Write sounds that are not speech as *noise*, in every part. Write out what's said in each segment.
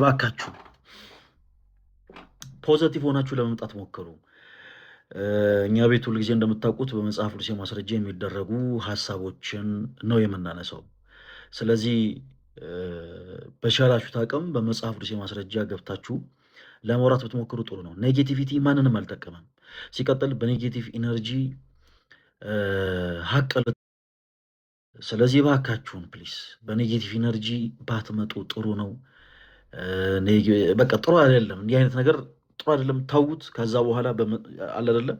እባካችሁ ፖዘቲቭ ሆናችሁ ለመምጣት ሞክሩ። እኛ ቤት ሁል ጊዜ እንደምታውቁት በመጽሐፍ ቅዱስ ማስረጃ የሚደረጉ ሀሳቦችን ነው የምናነሳው። ስለዚህ በቻላችሁት አቅም በመጽሐፍ ቅዱስ ማስረጃ ገብታችሁ ለመውራት ብትሞክሩ ጥሩ ነው። ኔጌቲቪቲ ማንንም አልጠቀመም። ሲቀጥል በኔጌቲቭ ኢነርጂ ሀቀል። ስለዚህ እባካችሁን ፕሊስ በኔጌቲቭ ኢነርጂ ባትመጡ ጥሩ ነው። በቃ ጥሩ አይደለም፣ እንዲህ አይነት ነገር ጥሩ አይደለም፣ ተዉት። ከዛ በኋላ አለ አይደለም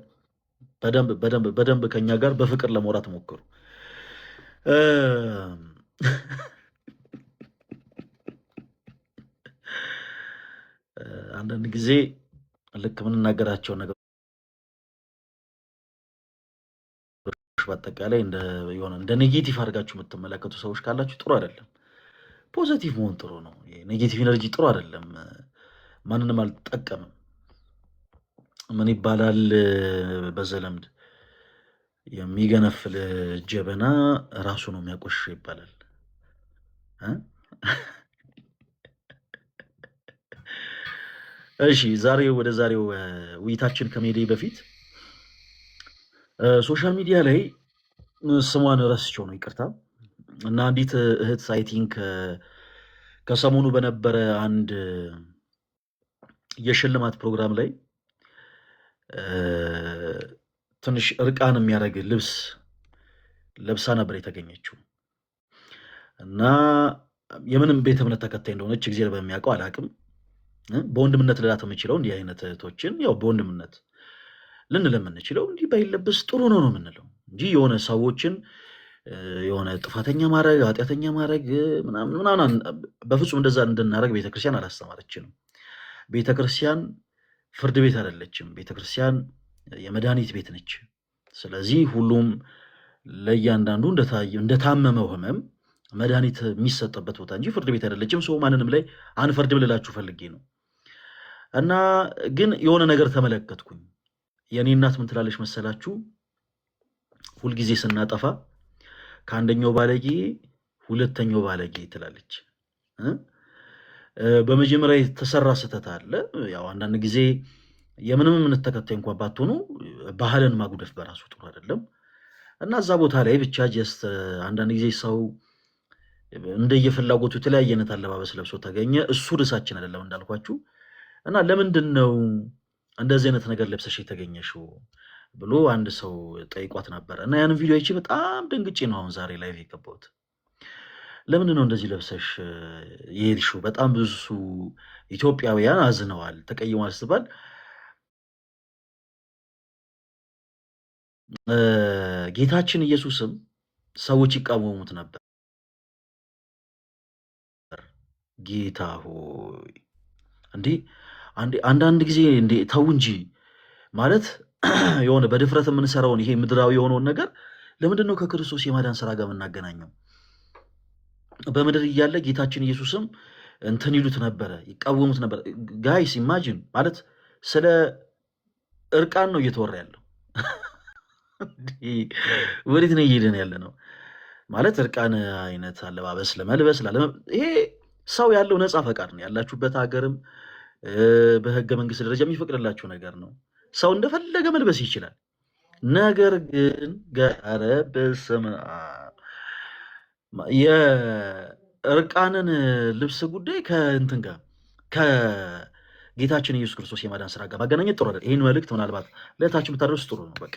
በደንብ በደንብ በደንብ ከኛ ጋር በፍቅር ለመውራት ሞክሩ። *laughs* አንዳንድ ጊዜ ልክ የምንናገራቸው ነገር በአጠቃላይ የሆነ እንደ ኔጌቲቭ አድርጋችሁ የምትመለከቱ ሰዎች ካላችሁ ጥሩ አይደለም። ፖዘቲቭ መሆን ጥሩ ነው። ኔጌቲቭ ኢነርጂ ጥሩ አይደለም፣ ማንንም አልጠቀምም። ምን ይባላል በዘለምድ የሚገነፍል ጀበና ራሱ ነው የሚያቆሽሸው ይባላል። እሺ ዛሬ ወደ ዛሬው ውይይታችን ከመሄዴ በፊት ሶሻል ሚዲያ ላይ ስሟን ረስቸው ነው ይቅርታ እና አንዲት እህት ሳይቲንግ ከሰሞኑ በነበረ አንድ የሽልማት ፕሮግራም ላይ ትንሽ እርቃን የሚያደርግ ልብስ ለብሳ ነበር የተገኘችው እና የምንም ቤተ እምነት ተከታይ እንደሆነች እግዚአብሔር በሚያውቀው አላቅም። በወንድምነት ልላት የምችለው እንዲህ አይነት እህቶችን ያው በወንድምነት ልንል የምንችለው እንዲህ ባይለብስ ጥሩ ነው ነው የምንለው እንጂ የሆነ ሰዎችን የሆነ ጥፋተኛ ማድረግ ኃጢአተኛ ማድረግ ምናምን በፍጹም እንደዛ እንድናደረግ ቤተክርስቲያን አላስተማረችንም። ቤተክርስቲያን ፍርድ ቤት አይደለችም። ቤተክርስቲያን የመድኃኒት ቤት ነች። ስለዚህ ሁሉም ለእያንዳንዱ እንደታመመው ህመም መድኃኒት የሚሰጥበት ቦታ እንጂ ፍርድ ቤት አይደለችም። ሰው ማንንም ላይ አንፈርድም ልላችሁ ፈልጌ ነው። እና ግን የሆነ ነገር ተመለከትኩኝ። የእኔ እናት ምን ትላለች መሰላችሁ? ሁልጊዜ ስናጠፋ ከአንደኛው ባለጌ ሁለተኛው ባለጌ ትላለች። በመጀመሪያ የተሰራ ስህተት አለ። ያው አንዳንድ ጊዜ የምንም እምነት ተከታይ እንኳ ባትሆኑ ባህልን ማጉደፍ በራሱ ጥሩ አይደለም እና እዛ ቦታ ላይ ብቻ ጀስት አንዳንድ ጊዜ ሰው እንደየፍላጎቱ የተለያየ አይነት አለባበስ ለብሶ ተገኘ። እሱ ርሳችን አይደለም እንዳልኳችሁ እና ለምንድን ነው እንደዚህ አይነት ነገር ለብሰሽ የተገኘሽው? ብሎ አንድ ሰው ጠይቋት ነበረ እና ያንን ቪዲዮ አይቼ በጣም ደንግጬ ነው አሁን ዛሬ ላይ የገባሁት። ለምን ነው እንደዚህ ለብሰሽ የሄድሽው? በጣም ብዙ ኢትዮጵያውያን አዝነዋል፣ ተቀይሟል ስትባል ጌታችን ኢየሱስም ሰዎች ይቃወሙት ነበር። ጌታ ሆይ እንዲህ አንዳንድ ጊዜ እንዴ ተው እንጂ ማለት *clears throat* የሆነ በድፍረት የምንሰራውን ይሄ ምድራዊ የሆነውን ነገር ለምንድን ነው ከክርስቶስ የማዳን ስራ ጋር የምናገናኘው? በምድር እያለ ጌታችን ኢየሱስም እንትን ይሉት ነበረ፣ ይቃወሙት ነበረ። ጋይስ ኢማጂን ማለት ስለ እርቃን ነው እየተወራ ያለው። *laughs* ወዴት ነው እየሄደን ያለ ነው? ማለት እርቃን አይነት አለባበስ ለመልበስ ይሄ ሰው ያለው ነፃ ፈቃድ ነው። ያላችሁበት ሀገርም በህገ መንግስት ደረጃ የሚፈቅድላችሁ ነገር ነው። ሰው እንደፈለገ መልበስ ይችላል። ነገር ግን ገረ በስም የእርቃንን ልብስ ጉዳይ ከእንትን ጋር ከጌታችን ኢየሱስ ክርስቶስ የማዳን ስራ ጋር ማገናኘት ጥሩ አይደል። ይህን መልእክት ምናልባት ለእህታችን ብታደርስ ጥሩ ነው። በቃ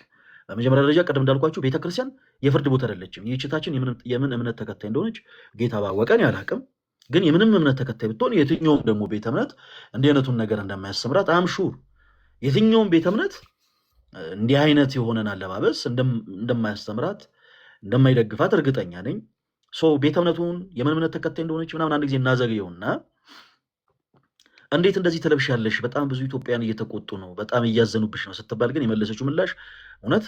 በመጀመሪያ ደረጃ ቀደም እንዳልኳችሁ ቤተክርስቲያን የፍርድ ቦታ አይደለችም። ይህችታችን የምን እምነት ተከታይ እንደሆነች ጌታ ባወቀን ያላቅም ግን የምንም እምነት ተከታይ ብትሆን የትኛውም ደግሞ ቤተ እምነት እንዲህ አይነቱን ነገር እንደማያስተምራት አምሹር የትኛውም ቤተ እምነት እንዲህ አይነት የሆነን አለባበስ እንደማያስተምራት እንደማይደግፋት እርግጠኛ ነኝ። ሰው ቤተ እምነቱን የምን እምነት ተከታይ እንደሆነች ምናምን አንድ ጊዜ እናዘግየውና እንዴት እንደዚህ ተለብሻለሽ? በጣም ብዙ ኢትዮጵያን እየተቆጡ ነው፣ በጣም እያዘኑብሽ ነው ስትባል ግን የመለሰችው ምላሽ እውነት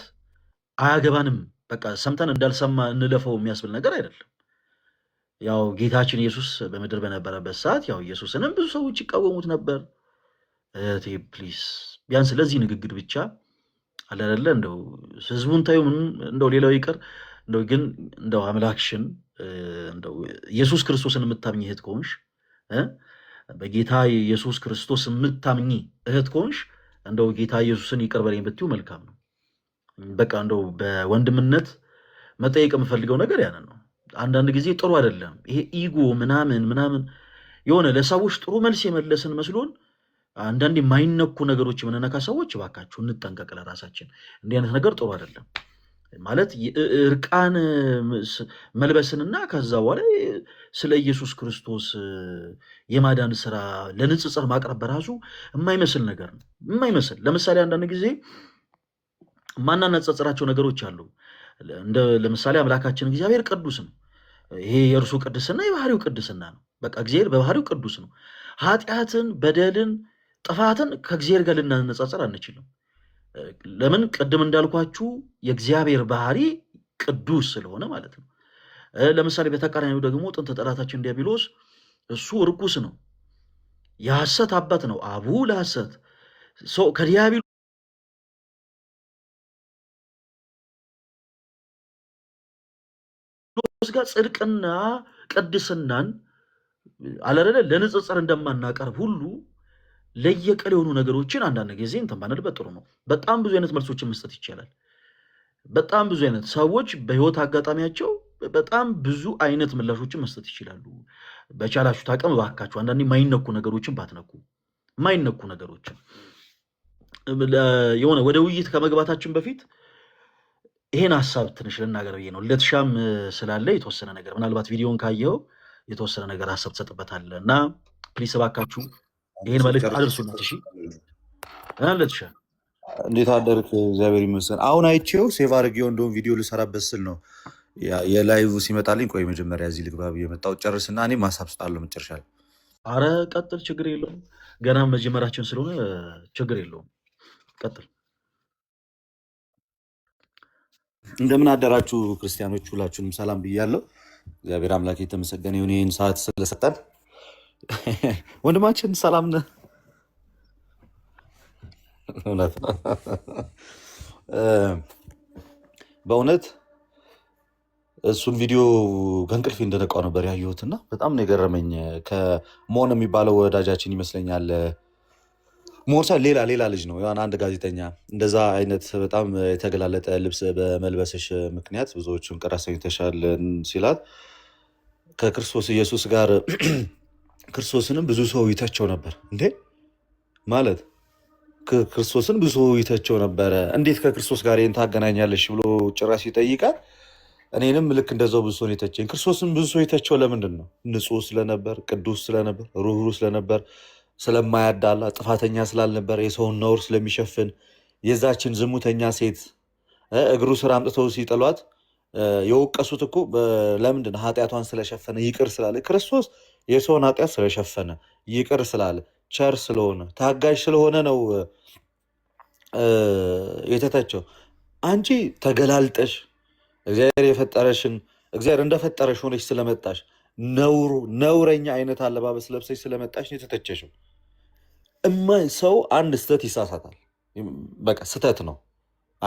አያገባንም፣ በቃ ሰምተን እንዳልሰማ እንለፈው የሚያስብል ነገር አይደለም። ያው ጌታችን ኢየሱስ በምድር በነበረበት ሰዓት ያው ኢየሱስንም ብዙ ሰዎች ይቃወሙት ነበር። እህቴ ፕሊስ ቢያንስ ለዚህ ንግግር ብቻ አለለለ እንደው ህዝቡን ታዩ ምን እንደው ሌላው ይቀር እንደው ግን እንደው አምላክሽን እንደው ኢየሱስ ክርስቶስን የምታምኝ እህት ከሆንሽ በጌታ ኢየሱስ ክርስቶስ የምታምኝ እህት ከሆንሽ እንደው ጌታ ኢየሱስን ይቅር በለኝ ብትዩ መልካም ነው። በቃ እንደው በወንድምነት መጠየቅ የምፈልገው ነገር ያንን ነው። አንዳንድ ጊዜ ጥሩ አይደለም ይሄ ኢጎ ምናምን ምናምን የሆነ ለሰዎች ጥሩ መልስ የመለስን መስሎን አንዳንድ የማይነኩ ነገሮች የምንነካ ሰዎች እባካችሁ እንጠንቀቅ። ለራሳችን እንዲህ አይነት ነገር ጥሩ አይደለም። ማለት እርቃን መልበስንና ከዛ በኋላ ስለ ኢየሱስ ክርስቶስ የማዳን ስራ ለንጽጽር ማቅረብ በራሱ የማይመስል ነገር ነው። የማይመስል ለምሳሌ አንዳንድ ጊዜ ማናነጻጽራቸው ነገሮች አሉ። እንደ ለምሳሌ አምላካችን እግዚአብሔር ቅዱስ ነው። ይሄ የእርሱ ቅድስና የባህሪው ቅድስና ነው። በቃ እግዚአብሔር በባህሪው ቅዱስ ነው። ኃጢአትን፣ በደልን ጥፋትን ከእግዚአብሔር ጋር ልናነጻጸር አንችልም። ለምን? ቅድም እንዳልኳችሁ የእግዚአብሔር ባህሪ ቅዱስ ስለሆነ ማለት ነው። ለምሳሌ በተቃራኒው ደግሞ ጥንት ጠላታችን ዲያብሎስ እሱ እርኩስ ነው፣ የሐሰት አባት ነው፣ አቡ ለሐሰት ሰው ከዲያብሎ ጋር ጽድቅና ቅድስናን አለረለ ለንጽጽር እንደማናቀርብ ሁሉ ለየቀል የሆኑ ነገሮችን አንዳንድ ጊዜ እንትን ባንልበት ጥሩ ነው። በጣም ብዙ አይነት መልሶችን መስጠት ይቻላል። በጣም ብዙ አይነት ሰዎች በህይወት አጋጣሚያቸው በጣም ብዙ አይነት ምላሾችን መስጠት ይችላሉ። በቻላችሁ ታቀም እባካችሁ አንዳንዴ የማይነኩ ነገሮችን ባትነኩ፣ ማይነኩ ነገሮችን የሆነ ወደ ውይይት ከመግባታችን በፊት ይሄን ሀሳብ ትንሽ ልናገር ብዬ ነው። ለትሻም ስላለ የተወሰነ ነገር ምናልባት ቪዲዮን ካየኸው የተወሰነ ነገር ሀሳብ ትሰጥበታለህ እና ፕሊስ እባካችሁ ይህን መልዕክት አድርሱለት። ለትሻል እንዴት አደርክ? እግዚአብሔር ይመስገን። አሁን አይቼው ሴቭ አድርጌው እንደውም ቪዲዮ ልሰራበት ስል ነው የላይቭ ሲመጣልኝ፣ ቆይ መጀመሪያ እዚህ ልግባ ብዬ መጣሁ። ጨርስና እኔ ማሳብ ስጣለሁ መጨረሻ አረ ቀጥል፣ ችግር የለውም ገና መጀመራችን ስለሆነ ችግር የለውም ቀጥል። እንደምን አደራችሁ ክርስቲያኖች፣ ሁላችሁንም ሰላም ብያለሁ። እግዚአብሔር አምላክ የተመሰገነ ይሁን ይህን ሰዓት ስለሰጠን ወንድማችን ሰላም ነህ? በእውነት እሱን ቪዲዮ ከእንቅልፌ እንደነቃው ነበር ያየትና በጣም ነው የገረመኝ። ከመሆን የሚባለው ወዳጃችን ይመስለኛል ሞርሳ ሌላ ሌላ ልጅ ነው አንድ ጋዜጠኛ እንደዛ አይነት በጣም የተገላለጠ ልብስ በመልበስሽ ምክንያት ብዙዎቹን ቅር አሰኝተሻል ሲላት ከክርስቶስ ኢየሱስ ጋር ክርስቶስንም ብዙ ሰው ይተቸው ነበር እንዴ ማለት ክርስቶስን ብዙ ሰው ይተቸው ነበረ። እንዴት ከክርስቶስ ጋር ይህን ታገናኛለሽ ብሎ ጭራሽ ይጠይቃል። እኔንም ልክ እንደዛው ብዙ ሰው የተቸኝ። ክርስቶስን ብዙ ሰው የተቸው ለምንድን ነው? ንጹህ ስለነበር፣ ቅዱስ ስለነበር፣ ሩህሩ ስለነበር፣ ስለማያዳላ፣ ጥፋተኛ ስላልነበር፣ የሰውን ነውር ስለሚሸፍን፣ የዛችን ዝሙተኛ ሴት እግሩ ስራ አምጥተው ሲጠሏት የወቀሱት እኮ ለምንድን ኃጢአቷን ስለሸፈነ ይቅር ስላለ ክርስቶስ የሰውን ኃጢአት ስለሸፈነ ይቅር ስላለ ቸር ስለሆነ ታጋሽ ስለሆነ ነው የተተቸው። አንቺ ተገላልጠሽ እግዚአብሔር የፈጠረሽን እግዚአብሔር እንደፈጠረሽ ሆነች ስለመጣሽ ነውሩ ነውረኛ አይነት አለባበስ ለብሰሽ ስለመጣሽ ነው የተተቸሽው። እማ ሰው አንድ ስተት ይሳሳታል። በቃ ስተት ነው።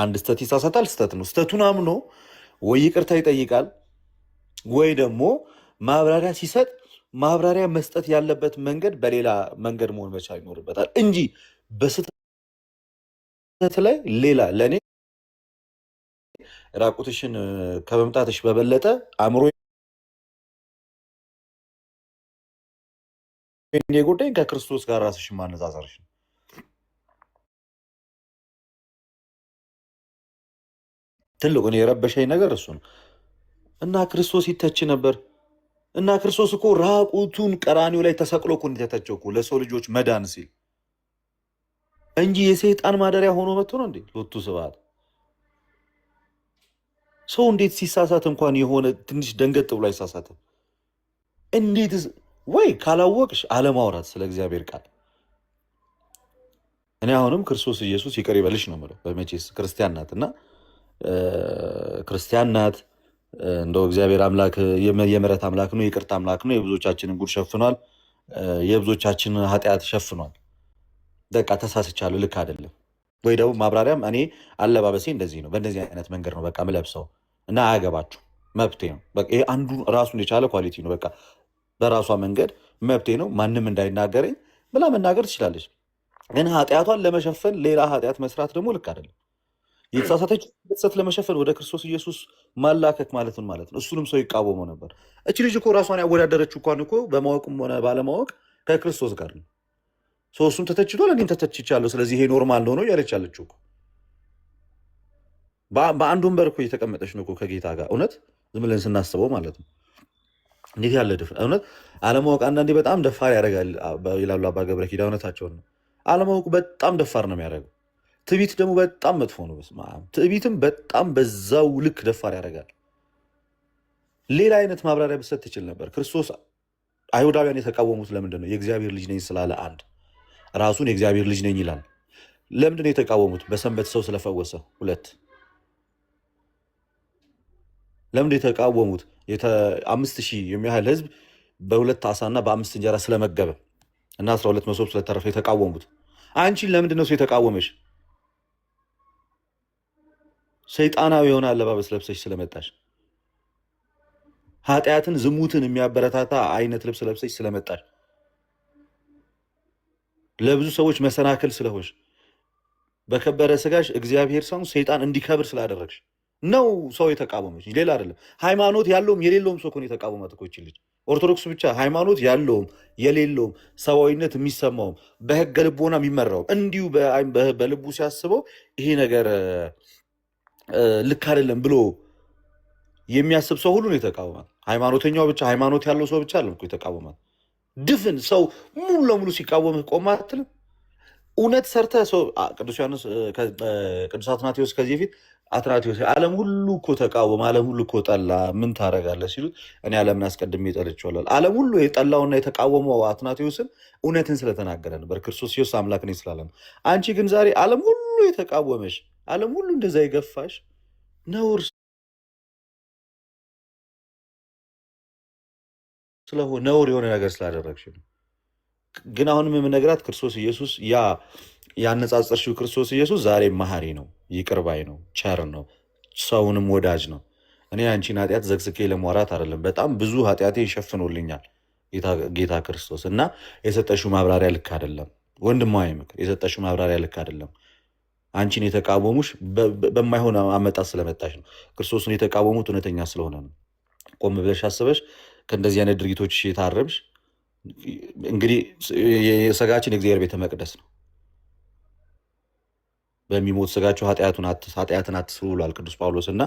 አንድ ስተት ይሳሳታል። ስተት ነው። ስተቱን አምኖ ወይ ይቅርታ ይጠይቃል ወይ ደግሞ ማብራሪያ ሲሰጥ ማብራሪያ መስጠት ያለበት መንገድ በሌላ መንገድ መሆን መቻል ይኖርበታል እንጂ በስህተት ላይ ሌላ ለእኔ ራቁትሽን ከመምጣትሽ በበለጠ አእምሮ ጉዳይ ከክርስቶስ ጋር ራስሽን ማነጻጸርሽ ነው። ትልቁን የረበሸኝ ነገር እሱ ነው እና ክርስቶስ ይተች ነበር። እና ክርስቶስ እኮ ራቁቱን ቀራኒው ላይ ተሰቅሎ እኮ እንደተተቸው እኮ ለሰው ልጆች መዳን ሲል እንጂ የሰይጣን ማደሪያ ሆኖ መጥቶ ነው እንዴ? ሎቱ ስብሐት። ሰው እንዴት ሲሳሳት እንኳን የሆነ ትንሽ ደንገጥ ብሎ አይሳሳትም? እንዴት ወይ ካላወቅሽ አለማውራት ስለ እግዚአብሔር ቃል እኔ አሁንም ክርስቶስ ኢየሱስ ይቅር ይበልሽ ነው የምለው። በመቼስ ክርስቲያን ናት እና ክርስቲያን ናት እንደው እግዚአብሔር አምላክ የምሕረት አምላክ ነው፣ የይቅርታ አምላክ ነው። የብዙዎቻችንን ጉድ ሸፍኗል። የብዙዎቻችንን ኃጢአት ሸፍኗል። በቃ ተሳስቻለሁ፣ ልክ አይደለም ወይ ደግሞ ማብራሪያም እኔ አለባበሴ እንደዚህ ነው፣ በእንደዚህ አይነት መንገድ ነው በቃ ምለብሰው እና አያገባችሁ፣ መብቴ ነው። ይሄ አንዱ ራሱን የቻለ ኳሊቲ ነው። በቃ በራሷ መንገድ መብቴ ነው፣ ማንም እንዳይናገረኝ ብላ መናገር ትችላለች። ግን ኃጢአቷን ለመሸፈን ሌላ ኃጢአት መስራት ደግሞ ልክ አይደለም። የተሳሳተች ሰት ለመሸፈን ወደ ክርስቶስ ኢየሱስ ማላከክ ማለት ምን ማለት ነው? እሱንም ሰው ይቃወመው ነበር። እቺ ልጅ እኮ ራሷን ያወዳደረች እንኳን እኮ በማወቅም ሆነ ባለማወቅ ከክርስቶስ ጋር ነው። ሰው እሱም ተተችቷል፣ እኔም ተተችቻለሁ። ስለዚህ ይሄ ኖርማል ነው ነው እያለች ያለችው እኮ በአንድ ወንበር እኮ እየተቀመጠች ነው ከጌታ ጋር። እውነት ዝም ብለን ስናስበው ማለት ነው እንዴት ያለ ድፍረት! እውነት አለማወቅ አንዳንዴ በጣም ደፋር ያደርጋል ይላሉ አባ ገብረ ኪዳ። እውነታቸውን ነው። አለማወቁ በጣም ደፋር ነው የሚያደርገው ትዕቢት ደግሞ በጣም መጥፎ ነው። በስመ አብ ትዕቢትም በጣም በዛው ልክ ደፋር ያደርጋል። ሌላ አይነት ማብራሪያ ብሰት ትችል ነበር። ክርስቶስ አይሁዳውያን የተቃወሙት ለምንድን ነው? የእግዚአብሔር ልጅ ነኝ ስላለ አንድ ራሱን የእግዚአብሔር ልጅ ነኝ ይላል። ለምንድን ነው የተቃወሙት? በሰንበት ሰው ስለፈወሰ። ሁለት ለምንድ የተቃወሙት? አምስት ሺህ የሚያህል ህዝብ በሁለት አሳና በአምስት እንጀራ ስለመገበ እና አስራ ሁለት መሶብ ስለተረፈ የተቃወሙት። አንቺን ለምንድን ነው ሰው የተቃወመች? ሰይጣናዊ የሆነ አለባበስ ለብሰሽ ስለመጣሽ ኃጢአትን፣ ዝሙትን የሚያበረታታ አይነት ልብስ ለብሰሽ ስለመጣሽ ለብዙ ሰዎች መሰናክል ስለሆንሽ በከበረ ስጋሽ እግዚአብሔር ሰው ሰይጣን እንዲከብር ስላደረግሽ ነው ሰው የተቃወመች፣ ሌላ አይደለም። ሃይማኖት ያለውም የሌለውም ሰው እኮ ነው የተቃወማት እኮ ኦርቶዶክስ ብቻ ሃይማኖት ያለውም የሌለውም ሰብአዊነት የሚሰማውም በህገ ልቦና የሚመራውም እንዲሁ በልቡ ሲያስበው ይሄ ነገር ልክ አይደለም ብሎ የሚያስብ ሰው ሁሉን የተቃወማል። ሃይማኖተኛው ብቻ ሃይማኖት ያለው ሰው ብቻ አለም የተቃወማል። ድፍን ሰው ሙሉ ለሙሉ ሲቃወምህ ቆማ አትልም። እውነት ሰርተ ሰው ቅዱስ ዮሐንስ ቅዱስ አትናቴዎስ ከዚህ በፊት አትናቴዎስ ዓለም ሁሉ እኮ ተቃወመ፣ ዓለም ሁሉ እኮ ጠላ፣ ምን ታደርጋለህ ሲሉት እኔ ዓለምን አስቀድሜ ጠልቼዋለሁ። ዓለም ሁሉ የጠላውና የተቃወመው አትናቴዎስን እውነትን ስለተናገረ ነበር፣ ክርስቶስ ኢየሱስ አምላክ ነኝ ስላለ ነው። አንቺ ግን ዛሬ ዓለም ሁሉ የተቃወመሽ ዓለም ሁሉ እንደዛ የገፋሽ ነውር ስለሆነ ነውር የሆነ ነገር ስላደረግሽ ነው። ግን አሁንም የምነግራት ክርስቶስ ኢየሱስ ያ ያነጻጸርሽው ክርስቶስ ኢየሱስ ዛሬ መሐሪ ነው፣ ይቅርባይ ነው፣ ቸር ነው፣ ሰውንም ወዳጅ ነው። እኔ አንቺን ኃጢአት ዘግዝኬ ለማውራት አይደለም። በጣም ብዙ ኃጢአቴ ይሸፍኖልኛል ጌታ ክርስቶስ እና የሰጠሽው ማብራሪያ ልክ አይደለም። ወንድማዊ ምክር የሰጠሽው ማብራሪያ ልክ አይደለም። አንቺን የተቃወሙሽ በማይሆን አመጣት ስለመጣሽ ነው። ክርስቶስን የተቃወሙት እውነተኛ ስለሆነ ነው። ቆም ብለሽ አስበሽ ከእንደዚህ አይነት ድርጊቶች የታረምሽ እንግዲህ ስጋችን የእግዚአብሔር ቤተ መቅደስ ነው። በሚሞት ስጋችሁ ኃጢአትን አትስሩ ብሏል ቅዱስ ጳውሎስ እና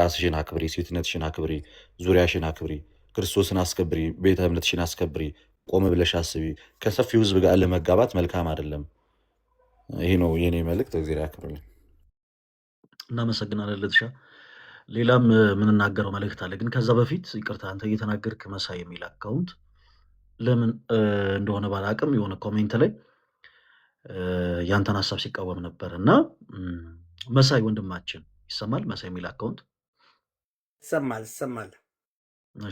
ራስሽን አክብሪ፣ ሴትነትሽን አክብሪ፣ ዙሪያሽን አክብሪ፣ ክርስቶስን አስከብሪ፣ ቤተ እምነትሽን አስከብሪ። ቆም ብለሽ አስቢ። ከሰፊው ህዝብ ጋር ለመጋባት መልካም አይደለም። ይሄ ነው የኔ መልእክት። እግዜር ያክብርልኝ። እናመሰግናለን ልትሻ። ሌላም የምንናገረው መልእክት አለ፣ ግን ከዛ በፊት ይቅርታ፣ አንተ እየተናገርክ መሳይ የሚል አካውንት ለምን እንደሆነ ባላቅም የሆነ ኮሜንት ላይ ያንተን ሀሳብ ሲቃወም ነበር እና መሳይ ወንድማችን ይሰማል? መሳይ የሚል አካውንት ይሰማል? ይሰማል።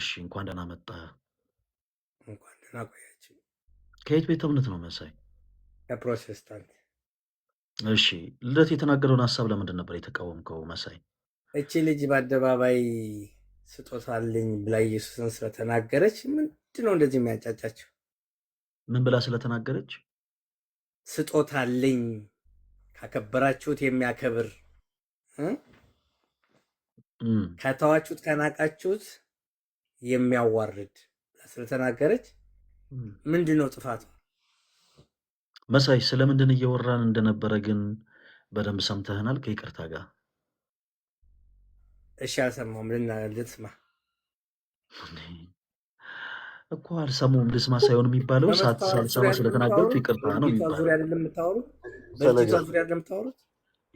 እሺ፣ እንኳን ደህና መጣህ። እንኳን ደህና ከየት ቤተ እምነት ነው መሳይ? ከፕሮቴስታንት እሺ ልደት የተናገረውን ሀሳብ ለምንድን ነበር የተቃወምከው? መሳይ እቺ ልጅ በአደባባይ ስጦታልኝ ብላ ኢየሱስን ስለተናገረች ምንድን ነው እንደዚህ የሚያጫጫቸው? ምን ብላ ስለተናገረች? ስጦታልኝ ካከበራችሁት የሚያከብር ከተዋችሁት ከናቃችሁት የሚያዋርድ ስለተናገረች ምንድን ነው ጥፋቱ? መሳይ ስለምንድን እየወራን እንደነበረ ግን በደንብ ሰምተህናል? ከይቅርታ ጋር እሺ፣ አልሰማሁም። ልትስማ እኮ አልሰማሁም። ልስማ ሳይሆን የሚባለው ሳልሰማ ስለተናገሩት ይቅርታ ነው የሚባለው።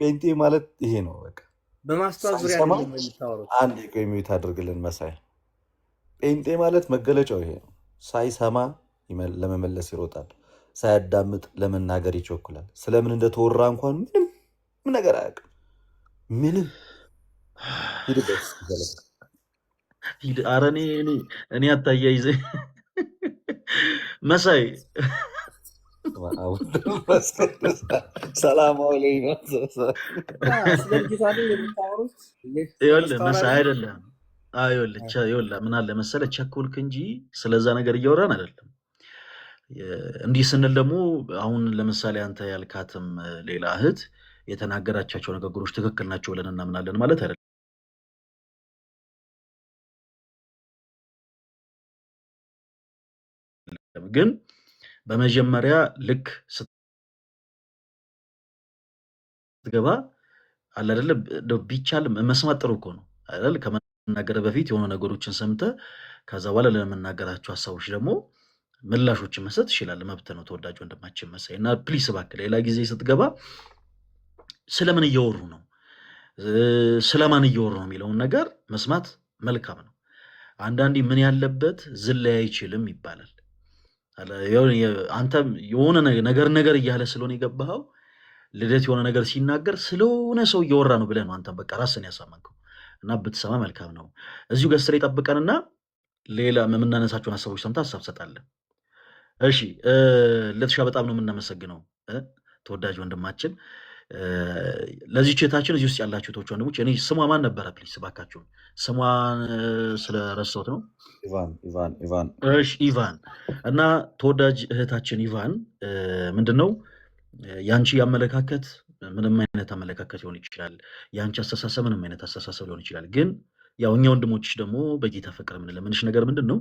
ጴንጤ ማለት ይሄ ነው። በቃ በማስተዋል አንድ ቆሚት አድርግልን መሳይ። ጴንጤ ማለት መገለጫው ይሄ ነው። ሳይሰማ ለመመለስ ይሮጣል። ሳያዳምጥ ለመናገር ይቸኩላል። ስለምን እንደተወራ እንኳን ምንም ምን ነገር አያውቅም። ምንም አረኔ እኔ አታያይዘኝ መሳይ ሰላማዊ መሳይ አይደለም። ይኸውልህ ምን አለ መሰለህ፣ ቸኮልክ እንጂ ስለዛ ነገር እያወራን አይደለም እንዲህ ስንል ደግሞ አሁን ለምሳሌ አንተ ያልካትም ሌላ እህት የተናገራቻቸው ንግግሮች ትክክል ናቸው ብለን እናምናለን ማለት አይደለም። ግን በመጀመሪያ ልክ ስትገባ አለ አይደለ ቢቻልም መስማት ጥሩ እኮ ነው አይደል? ከመናገር በፊት የሆኑ ነገሮችን ሰምተ ከዛ በኋላ ለመናገራቸው ሀሳቦች ደግሞ ምላሾችን መስጠት ይችላል። መብት ነው ተወዳጅ ወንድማችን መሳይ። እና ፕሊስ እባክህ ሌላ ጊዜ ስትገባ ስለምን እየወሩ ነው፣ ስለማን እየወሩ ነው የሚለውን ነገር መስማት መልካም ነው። አንዳንዴ ምን ያለበት ዝላይ አይችልም ይባላል። አንተ የሆነ ነገር ነገር እያለ ስለሆነ የገባኸው ልደት የሆነ ነገር ሲናገር ስለሆነ ሰው እየወራ ነው ብለህ ነው አንተ በቃ ራስን ያሳመንከው እና ብትሰማ መልካም ነው። እዚሁ ገስር ጠብቀንና ሌላ የምናነሳቸውን ሀሳቦች ሰምተህ ሀሳብ ሰጣለን። እሺ ለትሻ በጣም ነው የምናመሰግነው ተወዳጅ ወንድማችን። ለዚህ ቼታችን እዚህ ውስጥ ያላችሁ ቶች ወንድሞች እኔ ስሟ ማን ነበረ? ፕሊስ እባካችሁን ስሟን ስለረሰውት ነው። ኢቫን እና ተወዳጅ እህታችን ኢቫን ምንድን ነው የአንቺ አመለካከት ምንም አይነት አመለካከት ሊሆን ይችላል። የአንቺ አስተሳሰብ ምንም አይነት አስተሳሰብ ሊሆን ይችላል ግን ያው እኛ ወንድሞች ደግሞ በጌታ ፍቅር ለምንሽ ነገር ምንድን ነው?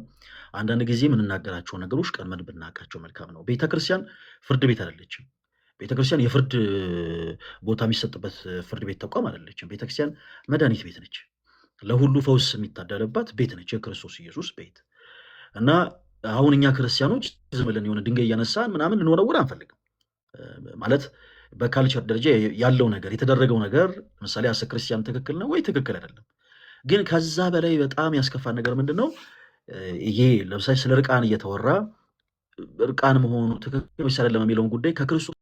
አንዳንድ ጊዜ የምንናገራቸው ነገሮች ቀድመን ብናውቃቸው መልካም ነው። ቤተክርስቲያን ፍርድ ቤት አይደለችም። ቤተክርስቲያን የፍርድ ቦታ የሚሰጥበት ፍርድ ቤት ተቋም አይደለችም። ቤተክርስቲያን መድኃኒት ቤት ነች። ለሁሉ ፈውስ የሚታደልባት ቤት ነች፣ የክርስቶስ ኢየሱስ ቤት እና አሁን እኛ ክርስቲያኖች ዝም ብለን የሆነ ድንጋይ እያነሳን ምናምን ልንወረውር አንፈልግም። ማለት በካልቸር ደረጃ ያለው ነገር የተደረገው ነገር ምሳሌ አሰ ክርስቲያን ትክክል ነው ወይ ትክክል አይደለም ግን ከዛ በላይ በጣም ያስከፋን ነገር ምንድን ነው? ይሄ ለምሳሌ ስለ እርቃን እየተወራ እርቃን መሆኑ ትክክል ወይስ አይደለም የሚለውን ጉዳይ ከክርስቶስ